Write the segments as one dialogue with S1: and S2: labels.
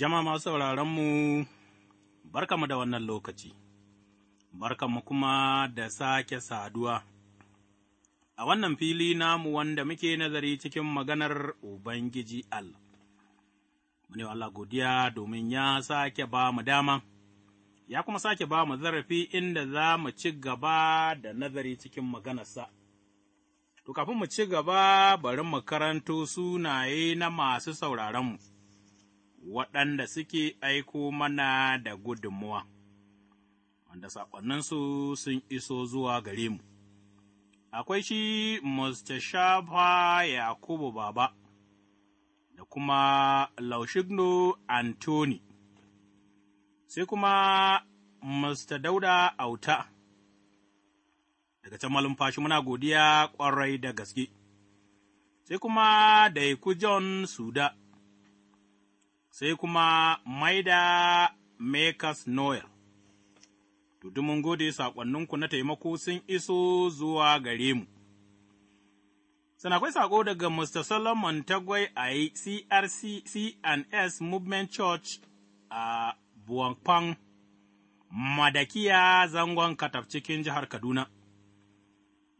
S1: Jama masu sauraronmu, barkamu da wannan lokaci, barkamu kuma da sake saduwa. A wannan fili namu wanda muke nazari cikin maganar Ubangiji Allah. Mune Allah godiya domin ya sake ba mu dama, ya kuma sake ba mu zarafi inda za mu ci gaba da nazari cikin maganarsa. To, kafin mu ci gaba, bari mu sunaye na masu sauraronmu. waɗanda suke aiko mana da gudunmuwa, wanda saƙonninsu sun iso zuwa gare mu. Akwai shi Mustashafa Yakubu Baba da kuma Laushigno Antoni, sai kuma Musta Dauda Auta, daga can malumfashi muna godiya ƙwarai da gaske, sai kuma Daiku John Suda. sai kuma maida Makers Noel. Tudu mun gode saƙonninku na taimako sun iso zuwa gare mu. Sana akwai saƙo daga Mr. Solomon Tagwai a CRC C&S Movement Church a Buwankpan, Madakiya zangon Kataf cikin jihar Kaduna.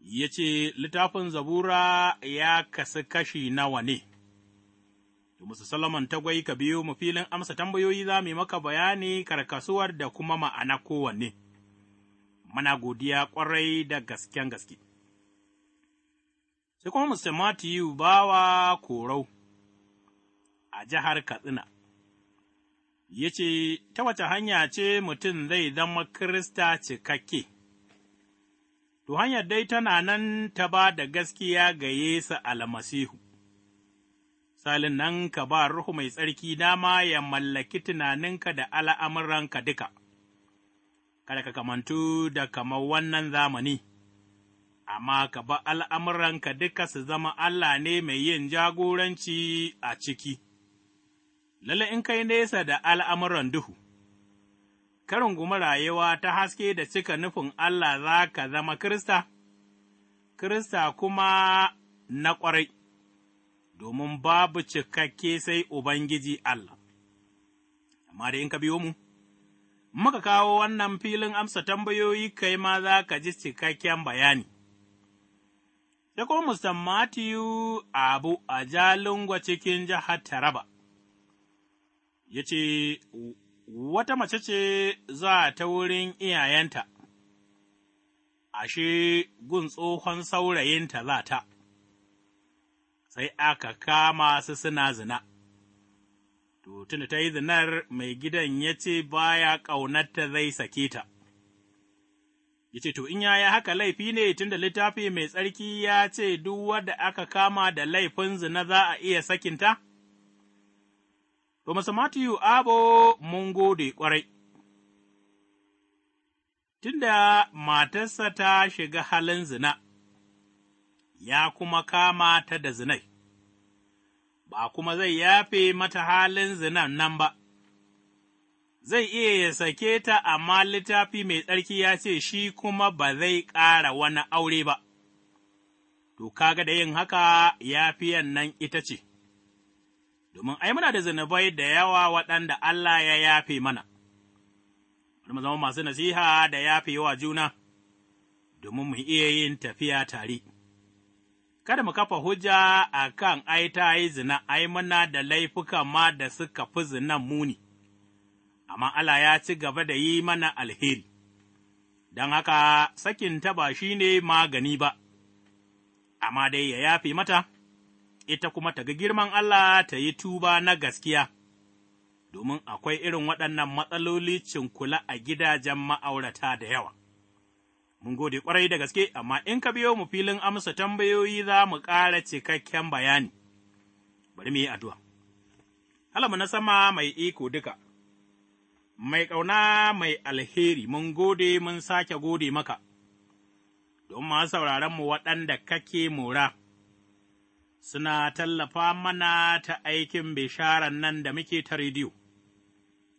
S1: Ya ce, Littafin Zabura ya kasu kashi nawa ne?’ Musa Solomon gwai ka biyo mu filin amsa tambayoyi za mu maka bayani karkasuwar da kuma ma'ana kowanne. mana godiya kwarai da gasken gaske. Sai kuma Mr. Matthew Bawa Korau a jihar Katsina, ya ce, Ta wace hanya ce mutum zai zama Kirista cikakke? To hanyar dai tana nan ta ba da gaskiya ga Yesu almasihu. salin nan ka ba Ruhu Mai Tsarki dama ya mallaki tunaninka da al'amuranka duka, kada ka kamantu da kamar wannan zamani, amma ka ba al'amuranka duka su zama Allah ne mai yin jagoranci a ciki, lalle in kai nesa da al'amuran duhu. Karin gumi rayuwa ta haske da cika nufin Allah za ka zama Kirista, Kirista kuma na ƙwarai. domin babu cikakke sai Ubangiji Allah. Amma da in ka biyo mu, muka kawo wannan filin amsa tambayoyi kai ma za ka ji cikakken bayani. Sai kuma Mr. Matthew Abu a Jalingwa cikin jihar Taraba, ya ce, Wata mace ce za ta wurin iyayenta, ashe gun tsohon saurayinta za ta. sai aka kama su suna zina. To, tunda ta yi zinar mai gidan ya ce ba baya ƙaunarta zai sake ta. Ya ce, To, in yaya haka laifi ne tunda littafi mai tsarki ya ce duk wadda aka kama da laifin zina za a iya sakinta? To, masu Matiyu Abo mun gode ƙwarai. Tunda matarsa ta shiga halin zina. ya kuma kama ta da zinai, ba kuma zai yafe mata halin zinan nan ba, zai iya ya sake ta amma littafi mai tsarki ya ce shi kuma ba zai ƙara wani aure ba, to kaga da yin haka yafiyan nan ita ce, domin ai muna da zinabai da yawa waɗanda Allah ya yafe mana. kuma zama masu nasiha da yafe wa juna, domin mu iya yin tafiya tare. kada mu kafa hujja a kan ai ta yi zina, ai muna da laifuka ma da suka fi zinan muni, amma Allah ya ci gaba da yi mana alheri, don haka sakinta ba shi ne magani ba, amma dai ya yafe mata, ita kuma ta ga girman Allah ta yi tuba na gaskiya, domin akwai irin waɗannan matsaloli cinkula a gidajen ma'aurata da yawa. mun gode kwarai da gaske, amma in ka biyo mu filin amsa tambayoyi za mu ƙara cikakken bayani. Bari mu yi addu'a. halamu na sama mai iko duka, mai ƙauna mai alheri, mun gode mun sake gode maka, don masu mu waɗanda kake mora, suna tallafa mana ta aikin bisharan nan da muke ta rediyo.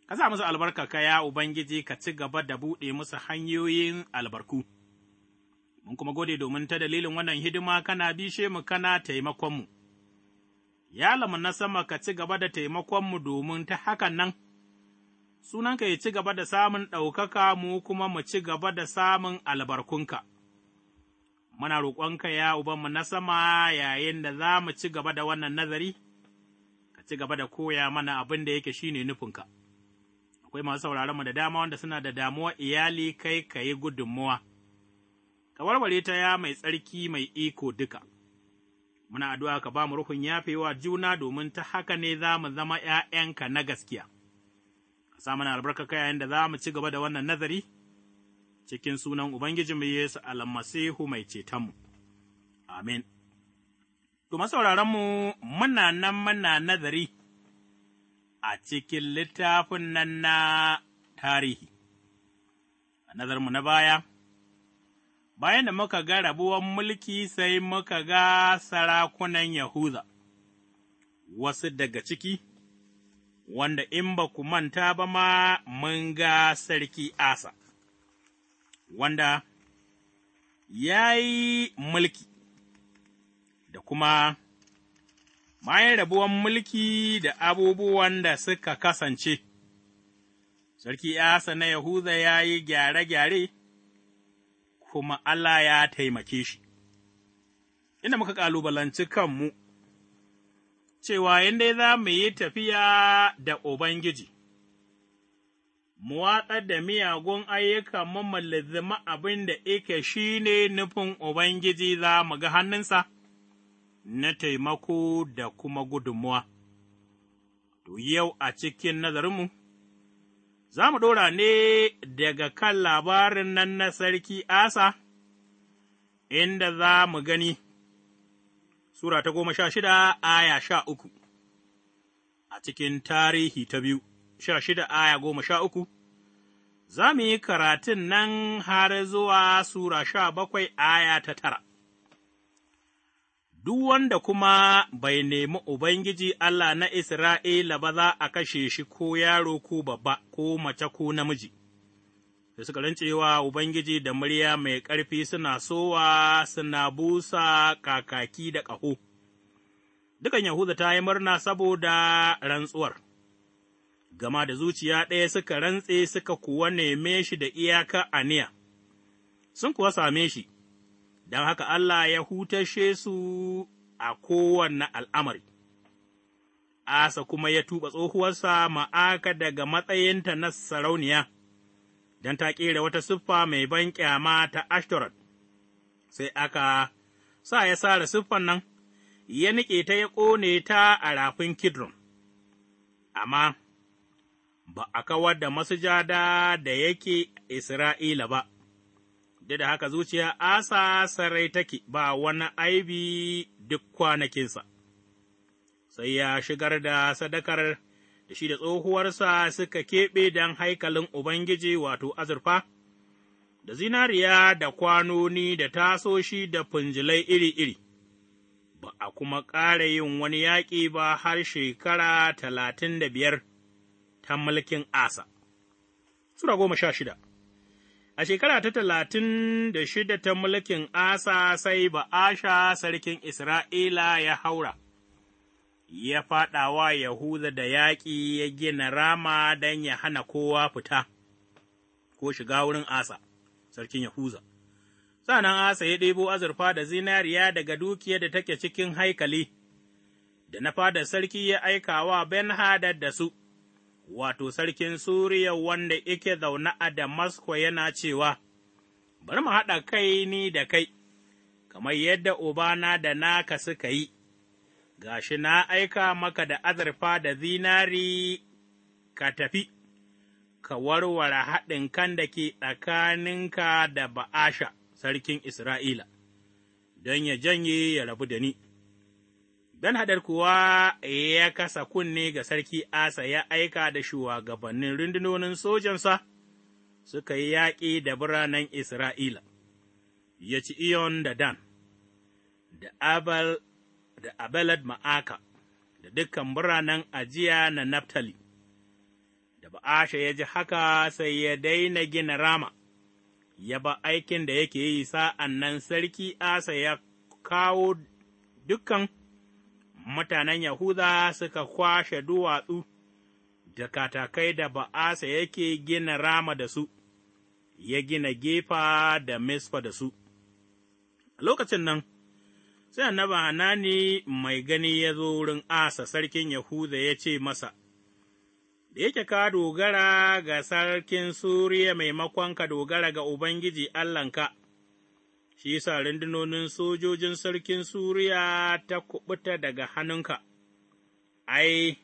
S1: ka sa musu albarka ka ya Ubangiji ka ci gaba da buɗe musu hanyoyin albarku, mun kuma gode domin ta dalilin wannan hidima kana bishe mu kana taimakonmu. Yalamu na sama ka ci gaba da taimakonmu domin ta hakan nan, sunanka ya ci gaba da samun ɗaukaka mu kuma mu ci gaba da samun albarkunka. Muna roƙonka ya Ubanmu na sama yayin da za mu ci gaba da wannan nazari, ka ci gaba da koya mana abin da yake ne nufinka. Akwai masu sauraronmu da dama wanda suna da damuwa iyali kai ka yi gudunmuwa. ka warware ta ya mai tsarki mai iko duka. Muna addu'a ka ba mu ruhun yafewa juna domin ta haka ne za mu zama ’ya'yanka na gaskiya. Ka sa mana albarka yayin da za mu ci gaba da wannan nazari cikin sunan Ubangijinmu Yesu almasihu mai cetonmu. Amin. To, masauraranmu muna nan muna nazari a cikin littafin nan na tarihi, a nazarmu na baya. bayan da muka ga rabuwan mulki sai muka ga sarakunan Yahuda, wasu daga ciki, wanda in ba ku manta ba ma mun ga sarki Asa, wanda ya yi mulki, da kuma bayan rabuwan mulki da abubuwan da suka kasance, sarki Asa na Yahuda ya yi gyare-gyare. kuma Allah ya taimake shi. ina muka ƙalubalanci kanmu, cewa inda za mu yi tafiya da Ubangiji, mu watsar da miyagun ayyukan mu mallazima abin da ike shi ne nufin Ubangiji za mu ga hannunsa na taimako da kuma gudunmuwa. To, yau a cikin nazarinmu. za mu ɗora ne daga kan labarin nan na sarki Asa, inda za mu gani, Sura ta goma sha shida aya sha uku, a cikin tarihi ta biyu, sha shida aya goma sha uku, za mu yi karatun nan har zuwa Sura sha bakwai aya ta tara. duk wanda kuma bai nemi Ubangiji Allah na Isra'ila ba za a kashe shi ko yaro ko babba ko mace ko namiji. Da suka rancewa Ubangiji da murya mai ƙarfi suna sowa suna busa kakaki da ƙaho. Dukan Yahuda ta yi murna saboda rantsuwar, gama da zuciya ɗaya suka rantse suka kuwa neme shi da iyaka aniya, sun kuwa same shi. don haka Allah ya hutashe su a kowane al'amari. Asa kuma ya tuba tsohuwarsa ma'aka daga matsayinta na sarauniya, don ta ƙera wata siffa mai ban ƙyama ta Ashtoreth, sai aka sa ya sare siffan nan, ya niƙe ta ya ƙone ta a rafin Kidron, amma ba a kawar da masujada da yake Isra'ila ba. da da haka zuciya asa sarai take ba wani aibi duk kwanakinsa, sai ya shigar da sadakar da shi da tsohuwarsa suka keɓe don haikalin Ubangiji wato azurfa, da zinariya da kwanoni da tasoshi da funjilai iri-iri, ba a kuma ƙara yin wani yaƙi ba har shekara talatin da biyar ta mulkin Asa. Sura goma sha shida A shekara ta talatin da shida ta mulkin Asa sai Ba'asha sarkin Isra'ila ya haura, ya faɗawa Yahuda da yaƙi ya gina rama don ya hana kowa fita ko shiga wurin Asa, sarkin Yahuza. Sa'an Asa ya ɗebo azurfa da zinariya daga dukiya da take cikin haikali, da na fadar sarki ya aika wa Ben Hadad da su. wato sarkin Suriya wanda yake zaune a Damasko yana cewa, bar mu haɗa kai ni da kai, kamar yadda obana da naka suka yi, gashi na aika maka da azurfa da zinari ka tafi, ka warware haɗin kan da ke tsakaninka da Ba'asha, sarkin Isra'ila, don ya janye ya rabu da ni. don haɗar kuwa ya kasa kunne ga sarki Asa ya aika da shugabannin rundunonin sojansa suka yi yaƙi da biranen Isra'ila, ya ci Iyon da Dan, da Abel da Abelad Ma'aka, da dukkan biranen ajiya na Naftali, da Ba'asha ya ji haka sai ya daina gina rama, ya ba aikin da yake yi sa'an nan sarki Asa ya kawo dukan. mutanen Yahuda suka kwashe duwatsu da katakai da ba'asa yake gina rama da su, ya gina gefa da misfa da su. A lokacin nan, sai annaba Hanani mai gani ya zo wurin Asa sarkin Yahuda ya ce masa, Da yake ka dogara ga sarkin Suriya maimakon ka dogara ga Ubangiji Allahnka, shi sa rundunonin sojojin sarkin Suriya ta kuɓuta daga hannunka, ai,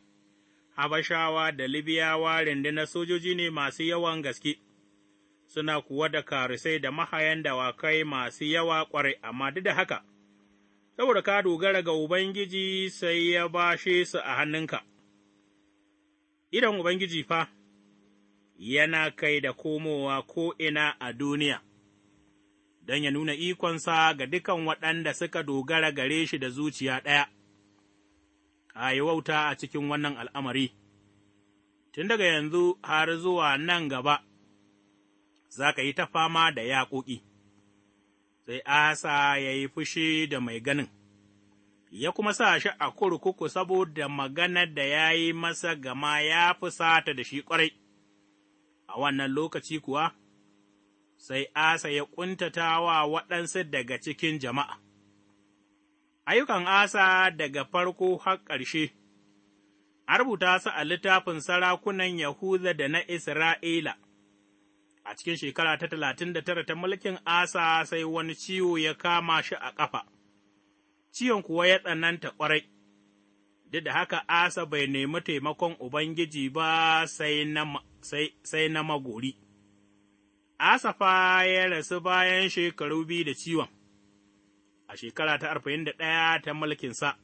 S1: Habashawa da Libiyawa rundunar sojoji ne masu yawan gaske, suna kuwa da karisai da mahayan dawakai masu yawa ƙwarai, amma duk da haka, saboda ka dogara ga Ubangiji sai ya bashe su a hannunka. Idan Ubangiji fa, yana kai da komowa ko'ina a duniya. don ya nuna ikonsa ga dukan waɗanda suka dogara gare shi da zuciya ɗaya. A yi wauta a cikin wannan al'amari, tun daga yanzu har zuwa nan gaba, za ka yi ta fama da yaƙoƙi, sai Asa ya yi fushi da mai ganin, ya kuma sa shi a kurkuku saboda magana da ya yi masa gama ya fi sata da shi ƙwarai, a wannan lokaci kuwa. sai Asa ya ƙuntata wa waɗansu daga cikin jama'a. Ayyukan Asa daga farko har ƙarshe, a rubuta su a littafin sarakunan Yahuda da na Isra'ila. A cikin shekara ta talatin da tara ta mulkin Asa sai wani ciwo ya kama shi a ƙafa, ciwon kuwa ya tsananta ƙwarai. duk da haka Asa bai nemi taimakon Ubangiji ba sai na magori. Asafa ya rasu bayan shekaru biyu da ciwon, a shekara ta arba'in da ɗaya ta mulkinsa,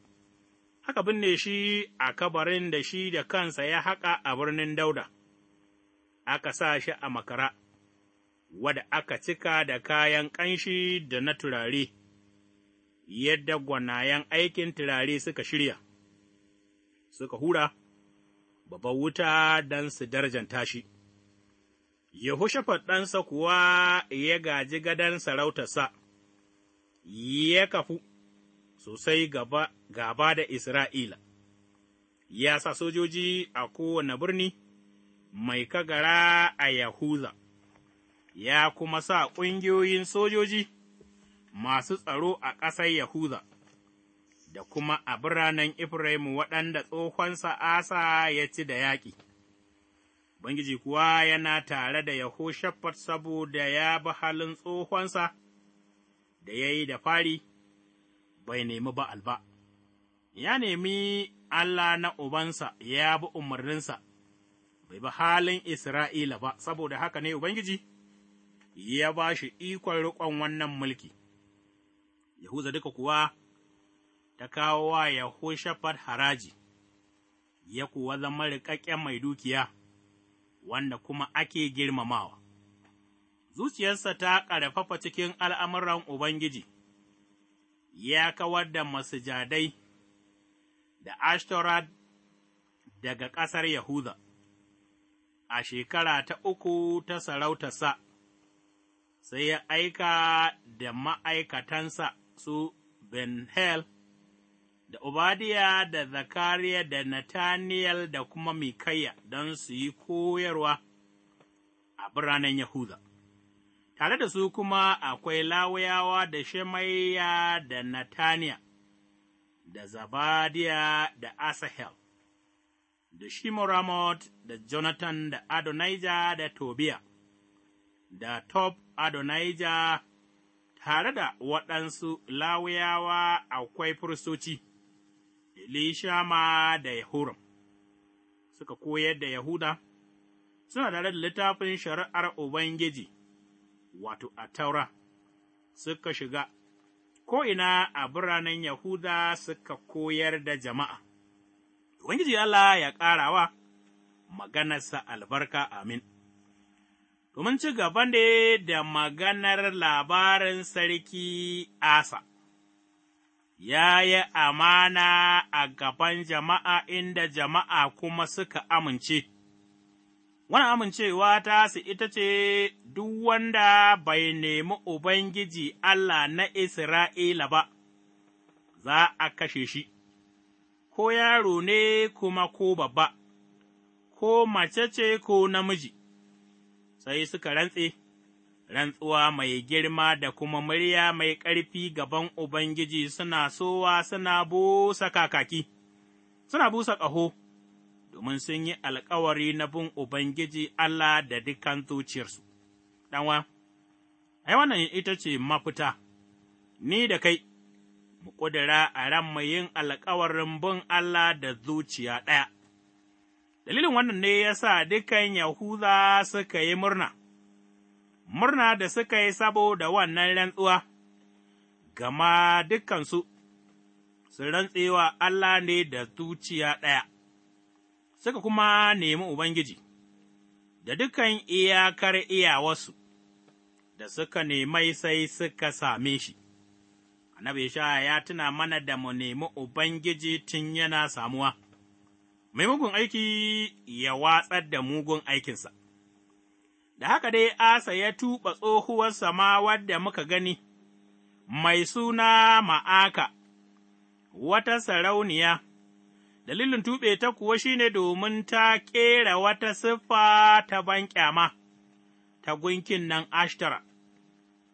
S1: aka binne shi a kabarin da shi da kansa ya haƙa a birnin Dauda, aka sa shi a makara, Wadda aka cika da kayan ƙanshi da na turare, yadda gwanayen aikin turare suka shirya, suka hura, babban wuta don su darajanta shi. Yehoshafat ɗansa kuwa ya gaji gadon sarautarsa, ya kafu sosai gaba, gaba da Isra'ila, ya sa sojoji a kowane birni mai kagara a Yahuza, ya kuma sa ƙungiyoyin sojoji masu tsaro a ƙasar Yahuza. da kuma a biranen ifrahim waɗanda tsohonsa Asa ya ci da yaƙi. Ubangiji kuwa yana tare da yahushafat saboda ya bi halin tsohonsa da ya yi da fari, bai nemi ba'al ba, ya nemi Allah na Ubansa ya bi umarninsa, bai bi halin Isra'ila ba, saboda haka ne Ubangiji ya ba shi ikon riƙon wannan mulki. Yahuza duka kuwa ta kawo wa yahushafat haraji, ya kuwa zama riƙaƙƙen mai dukiya. wanda kuma ake girmamawa. Zuciyarsa ta ƙarfafa cikin al'amuran Ubangiji, ya kawar da masujadai da Ashtorad daga ƙasar Yahuda. A shekara ta uku ta sarautarsa, sai ya aika da ma'aikatansa su Benhel da Obadiya da Zakariya da Nataniyal da kuma Mikaya don su yi koyarwa a biranen Yahuda. Tare da su kuma akwai Lawayawa da Shemaiya da Nataniya, da Zabadiya da Asahel, da Shimoramot da Jonathan da Adonija da Tobiya, da Top Adonija tare da waɗansu Lawayawa akwai firistoci. Elishama da Yahuram, suka koyar da Yahuda, suna tare da littafin shari'ar Ubangiji, wato a taura, suka shiga ko'ina a biranen Yahuda suka koyar da jama'a. Ubangiji Allah ya ƙarawa maganarsa albarka amin. Domin ci gaban da maganar labarin sarki Asa. ya yi amana a gaban jama'a inda jama'a kuma suka amince. Wani amincewa ta su ita ce duk wanda bai nemi Ubangiji Allah na Isra'ila ba, za a kashe shi, ko yaro ne kuma ko babba, ko mace ce ko namiji, sai suka rantse. rantsuwa mai girma da kuma murya mai ƙarfi gaban Ubangiji suna sowa suna busa kakaki, suna busa ƙaho, domin sun yi alkawari na bin Ubangiji Allah da dukan zuciyarsu. Ɗanwa, ai, wannan ita ce mafita, ni da kai, mu ƙudura a ran mai yin alkawarin bin Allah da zuciya ɗaya. Dalilin wannan ne ya sa dukan Yahuza suka yi murna. murna da suka yi saboda wannan rantsuwa, gama dukansu su rantsewa Allah ne da zuciya ɗaya, suka kuma nemi Ubangiji, da dukan iyakar iyawarsu, da suka nemai sai suka same shi. Annabi ya tuna mana da mu nemi Ubangiji tun yana samuwa, mugun aiki ya watsar da mugun aikinsa. da haka dai Asa ya tuɓa tsohuwar sama wadda muka gani, mai suna Ma'aka, wata sarauniya, dalilin tuɓe ta kuwa shi ne domin ta ƙera wata siffa ta banƙyama ta gunkin nan Ashtara,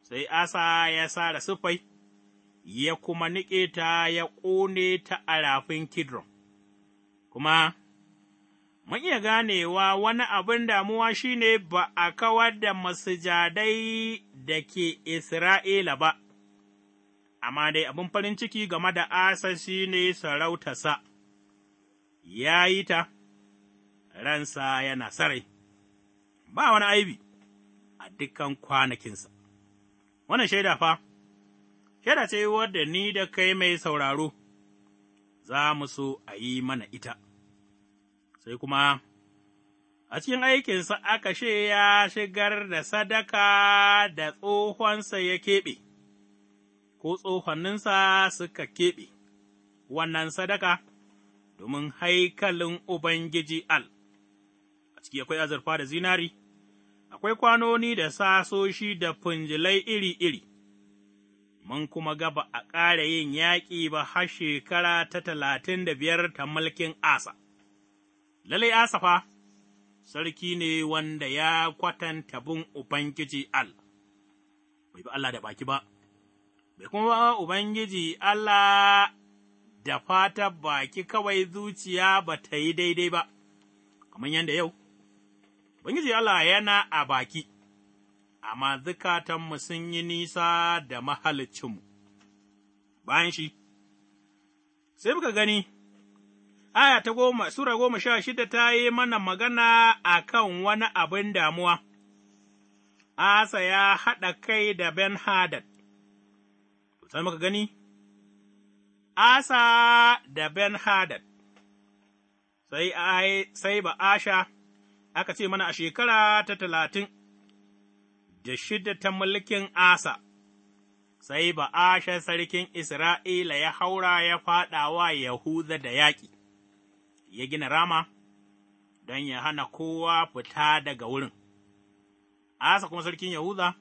S1: sai Asa ya sara siffai, ya kuma niƙe ta ya ƙone ta a rafin Kidron, kuma Mun iya ganewa wani abin damuwa shine ne ba a kawar da masujadai da ke Isra'ila ba, amma dai abin farin ciki game da Asa shi ne sarautarsa, ya yi ta, ransa yana sarai, ba wani aibi a dukan kwanakinsa. Wannan shaida fa, shaida ce wadda ni da kai mai sauraro, za mu so a yi mana ita. sai kuma a cikin aikinsa aka she ya shigar da sadaka da tsohonsa ya keɓe, ko tsohonninsa suka keɓe, wannan sadaka domin haikalin Ubangiji Al. A ciki akwai azurfa da zinari, akwai kwanoni da sasoshi da funjilai iri-iri. Mun kuma gaba a ƙara yin yaƙi ba har shekara ta talatin da biyar ta mulkin Asa. Lallai Asafa, sarki ne wanda ya kwatanta bin Ubangiji Al, bai bi Allah da baki ba, bai kuma Ubangiji Allah da fata baki kawai zuciya ba ta yi daidai ba, kamar yadda yau, Ubangiji Allah yana a baki, amma zukatanmu sun yi nisa da mahalicinmu. Bayan shi, sai muka gani. aya ta goma, Sura goma sha shida ta yi mana magana a kan wani abin damuwa, Asa ya haɗa kai da Ben Hadad, sai muka gani? Asa da Ben Hadad, sai, sai ba Asha, aka ce mana a shekara ta talatin da shida ta mulkin Asa. Sai ba Asha sarkin Isra'ila ya haura ya faɗa wa Yahuza da yaƙi. ya gina rama don ya hana kowa fita daga wurin. Asa kuma sarkin Yahuda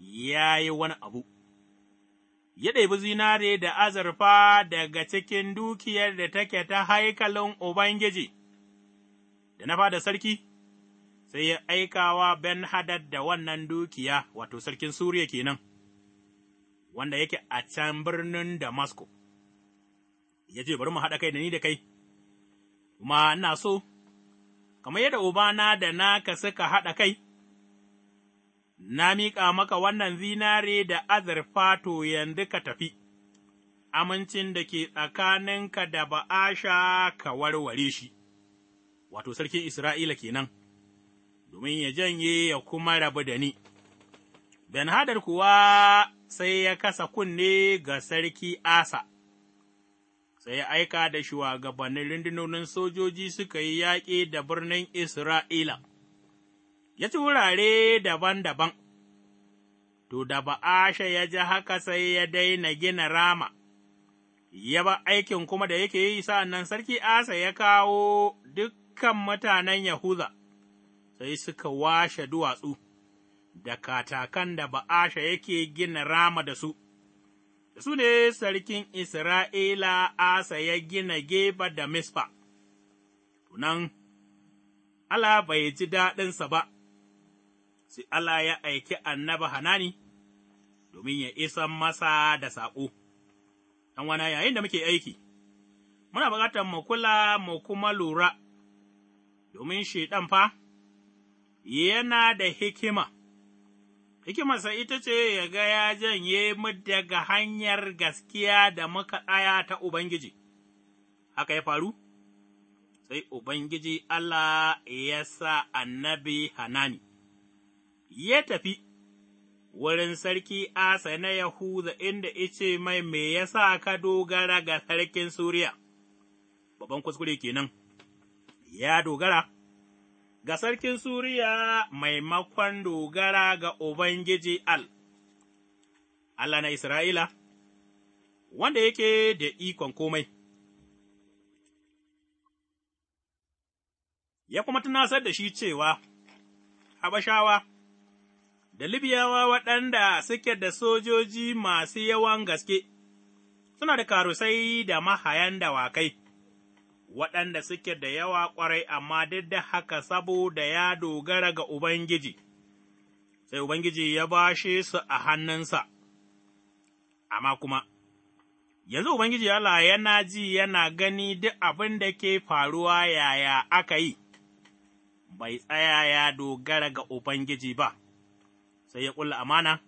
S1: ya yi wani abu, ya ɗebi zinare da azurfa daga cikin dukiyar da take ta haikalin Ubangiji, da na fada sarki, sai ya aikawa Ben Hadad da wannan dukiya, wato sarkin Suriya kenan, wanda yake a can birnin Damasco, ya ce, Bari mu haɗa kai da ni da kai. ma ina so, kamar yadda Ubana da naka suka haɗa kai, na miƙa maka wannan zinare da azurfa to yanzu ka tafi, amincin da ke tsakaninka da ba'asha ka warware shi, wato sarkin Isra'ila kenan, domin ya janye ya kuma rabu da ni. Ben Hadar kuwa sai ya kasa kunne ga sarki Asa. sai aika da shugabannin rundunonin sojoji suka yi yaƙi da birnin Isra'ila, ya ci wurare daban-daban, to da ba'asha ya ji haka sai ya daina gina rama, ya ba aikin kuma da yake yi sa'an nan sarki Asa ya kawo dukkan mutanen Yahuza, sai suka washe duwatsu da katakan da ba'asha yake gina rama da su. su ne sarkin Isra'ila Asa ya gina Geba da mispa tunan Allah bai ji daɗinsa ba, sai Allah ya aiki annaba Hanani domin ya isa masa da saƙo, ɗan wana yayin da muke aiki, muna buƙatar mu kula mu kuma lura, domin shi fa yana da hikima. hikimarsa ita ce ya ga ya janye mu daga hanyar gaskiya da muka tsaya ta Ubangiji, haka ya faru? Sai Ubangiji Allah ya sa annabi Hanani, ya tafi wurin sarki Asa na Yahuda inda ice mai me ya sa ka dogara ga sarkin Suriya, babban kuskure kenan, ya dogara. ga sarkin Suriya maimakon dogara ga Ubangiji Al, Allah na Isra'ila, wanda yake da ikon komai. Ya kuma tunasar da shi cewa, Habashawa, da Libyawa waɗanda suke da sojoji masu yawan gaske, suna da karusai da mahayan dawakai. waɗanda suke da yawa ƙwarai, amma duk da haka saboda ya dogara ga Ubangiji, sai Ubangiji ya bashe su a hannunsa, amma kuma, yanzu Ubangiji Allah yana ji yana gani duk abin da ke faruwa yaya aka yi, bai tsaya ya dogara ga Ubangiji ba, sai ya ƙulla amana.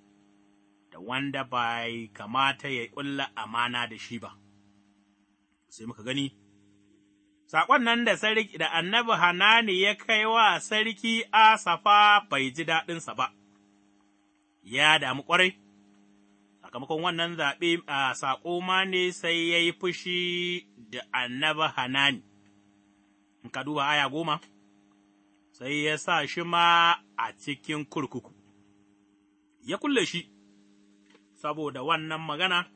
S1: da wanda bai kamata ya ƙulla amana da shi ba, sai muka gani saƙon nan da sarki da annabi Hanani ya kai wa sarki Asafa bai ji daɗinsa ba, ya damu ƙwarai, sakamakon wannan zaɓe a saƙo ma ne sai ya yi fushi da annabi Hanani, in ka duba aya goma, sai ya sa shi ma a cikin kurkuku, ya kulle shi saboda wannan magana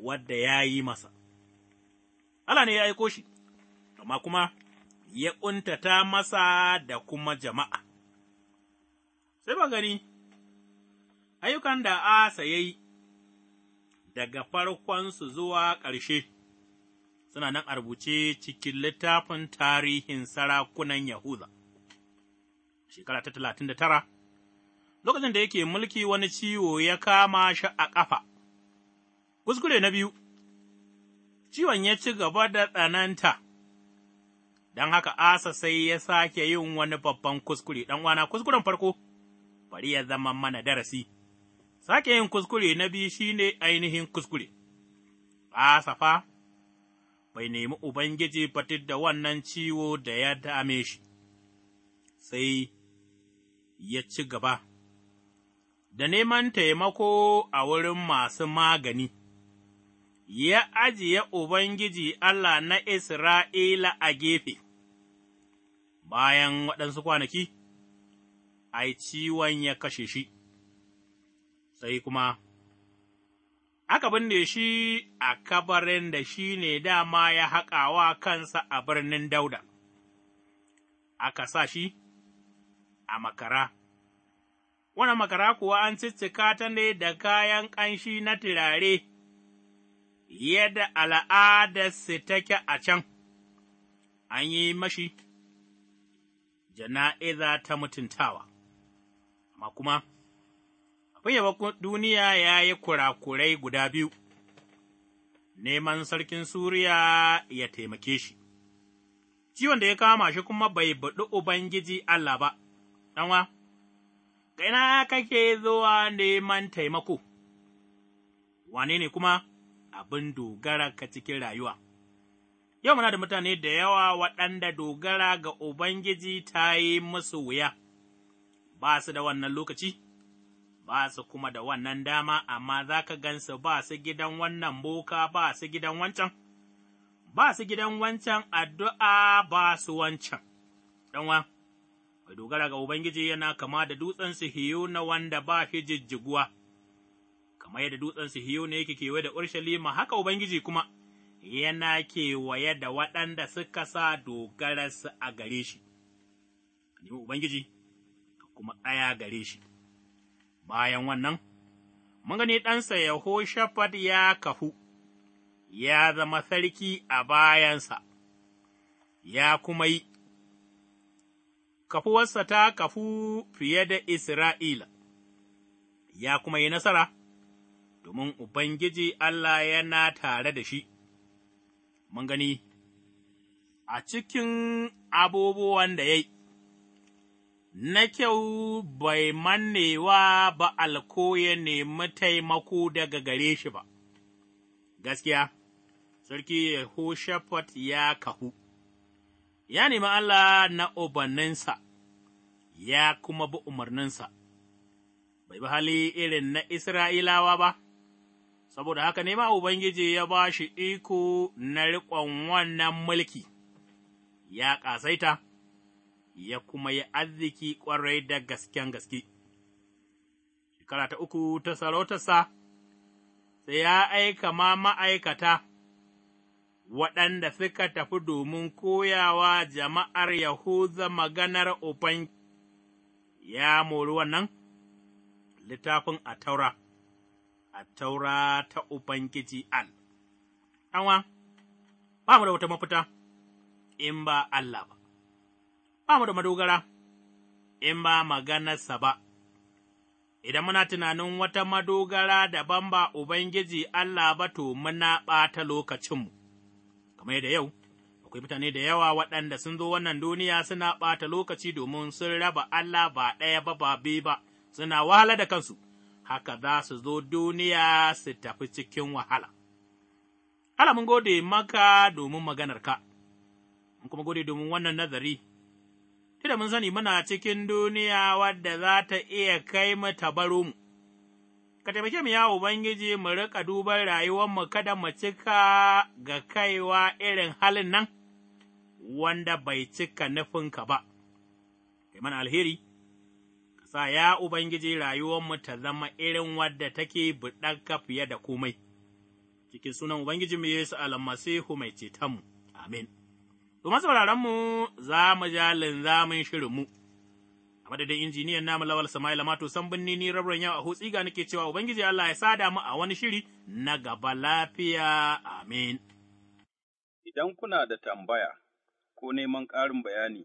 S1: wadda ya yi masa. Allah ne ya aiko shi. amma kuma ya ƙuntata masa da kuma jama'a. Sai ba gani, ayyukan da Asa ya daga farkon su zuwa ƙarshe suna nan a rubuce cikin littafin tarihin sarakunan Yahuda. Shekara ta talatin da tara, lokacin da yake mulki wani ciwo ya kama shi a ƙafa. Kuskure na biyu, ciwon ya ci gaba da tsananta. don haka Asa sai ya sake yin wani babban kuskure, ɗan wana kuskuren farko, bari ya zama mana darasi. Sake yin kuskure na biyu shine ainihin kuskure, Asa fa, bai nemi Ubangiji fatir da wannan ciwo da ya dame shi, sai ya ci gaba, da neman taimako a wurin masu magani. ya ajiye Ubangiji Allah na Isra'ila a gefe, bayan waɗansu kwanaki, ai, ciwon ya kashe shi, sai kuma aka binne shi a kabarin da shi ne dama ya haƙawa kansa a birnin Dauda, aka sa shi a makara. Wannan makara kuwa an ciccika ta ne da kayan ƙanshi na turare, yadda al'adarsu take a can, an yi mashi. jana'iza ta mutuntawa, amma kuma, abin yaba duniya ya yi kurakurai guda biyu, neman sarkin Suriya ya taimake shi, ciwon da ya kama shi kuma bai baɗi Ubangiji Allah ba, ɗanwa, ina kake zuwa neman taimako, wane ne kuma abin dogara ka cikin rayuwa. yau muna da mutane da yawa waɗanda dogara ga Ubangiji ta yi musu wuya, ba su da wannan lokaci, ba su kuma da wannan dama, amma za ka gansu ba su gidan wannan boka ba su gidan wancan, ba su gidan wancan addu'a ba su wancan. Ɗanwa, ka dogara ga Ubangiji yana kama da dutsen su hiyo na wanda ba shi jijjiguwa, kamar yadda dutsen su Sihiyo ne yake kewaye da Urshalima, haka Ubangiji kuma. yana kewaye da waɗanda suka sa dogararsu a gare shi, ka nemi Ubangiji, ka kuma tsaya gare shi. Bayan wannan, mun gani ɗansa Yahoshafat ya kahu, ya zama sarki a bayansa, ya kuma yi, kafuwarsa ta kafu fiye da Isra'ila, ya kuma yi nasara, domin Ubangiji Allah yana tare da shi. mun gani, a cikin abubuwan da ya yi, na kyau bai mannewa ba alko ya nemi taimako daga gare shi ba, gaskiya, sarki Yehoshaphat ya kahu, ya nemi Allah na ubanninsa, ya kuma bi umarninsa, bai bi hali irin na Isra'ilawa ba. saboda haka ne Ubangiji ya ba shi iko na riƙon wannan mulki, ya ƙasaita, ya kuma yi arziki ƙwarai da gasken gaske. Shekara ta uku ta sarautarsa, sai ya aika ma ma'aikata waɗanda suka tafi domin koyawa jama'ar Yahuza maganar Ubangiji, ya mori wannan littafin a taura. a taura ta Ubangiji an. Ɗanwa, ba mu da wata mafita in ba Allah ba, ba mu da madogara in ba maganarsa ba, idan muna tunanin wata madogara daban ba Ubangiji Allah ba to muna ɓata lokacinmu, kamar da yau. akwai mutane da yawa waɗanda sun zo wannan duniya suna ɓata lokaci domin sun raba Allah ba ɗaya ba ba biyu ba, suna wahala da kansu, haka za su zo duniya su tafi cikin wahala. Allah mun gode maka domin maganarka, mun kuma gode domin wannan nazari, tunda mun sani muna cikin duniya wadda za ta iya kai mu ta baro mu. Ka taimake mu ya Ubangiji mu riƙa duban mu kada mu cika ga kaiwa irin halin nan, wanda bai cika nufinka ba. mana alheri. sa ya Ubangiji rayuwarmu ta zama irin wadda take buɗarka fiye da komai, cikin sunan Ubangiji mu Yesu almasihu mai cetonmu, amin. Domin sauraronmu za mu ja linzamin shirinmu, a madadin injiniyan namu lawal Sama'ila Mato san binni ni rabron yau a hutsi ga nake cewa Ubangiji Allah ya sada mu a wani shiri na gaba lafiya, amin. Idan kuna da tambaya ko neman ƙarin bayani.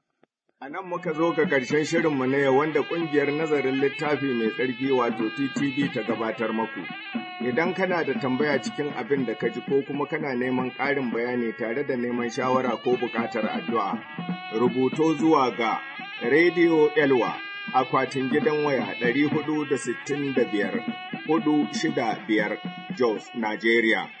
S2: A nan muka zo ga ƙarshen shirinmu ne wanda ƙungiyar nazarin littafi mai tsarki wato TTV ta gabatar maku. Idan kana da tambaya cikin abin da ka ji ko kuma kana neman ƙarin bayani tare da neman shawara ko buƙatar addu'a, rubuto zuwa ga Radio Elwa akwatin gidan waya ɗari da da sittin biyar shida biyar Jos, Najeriya.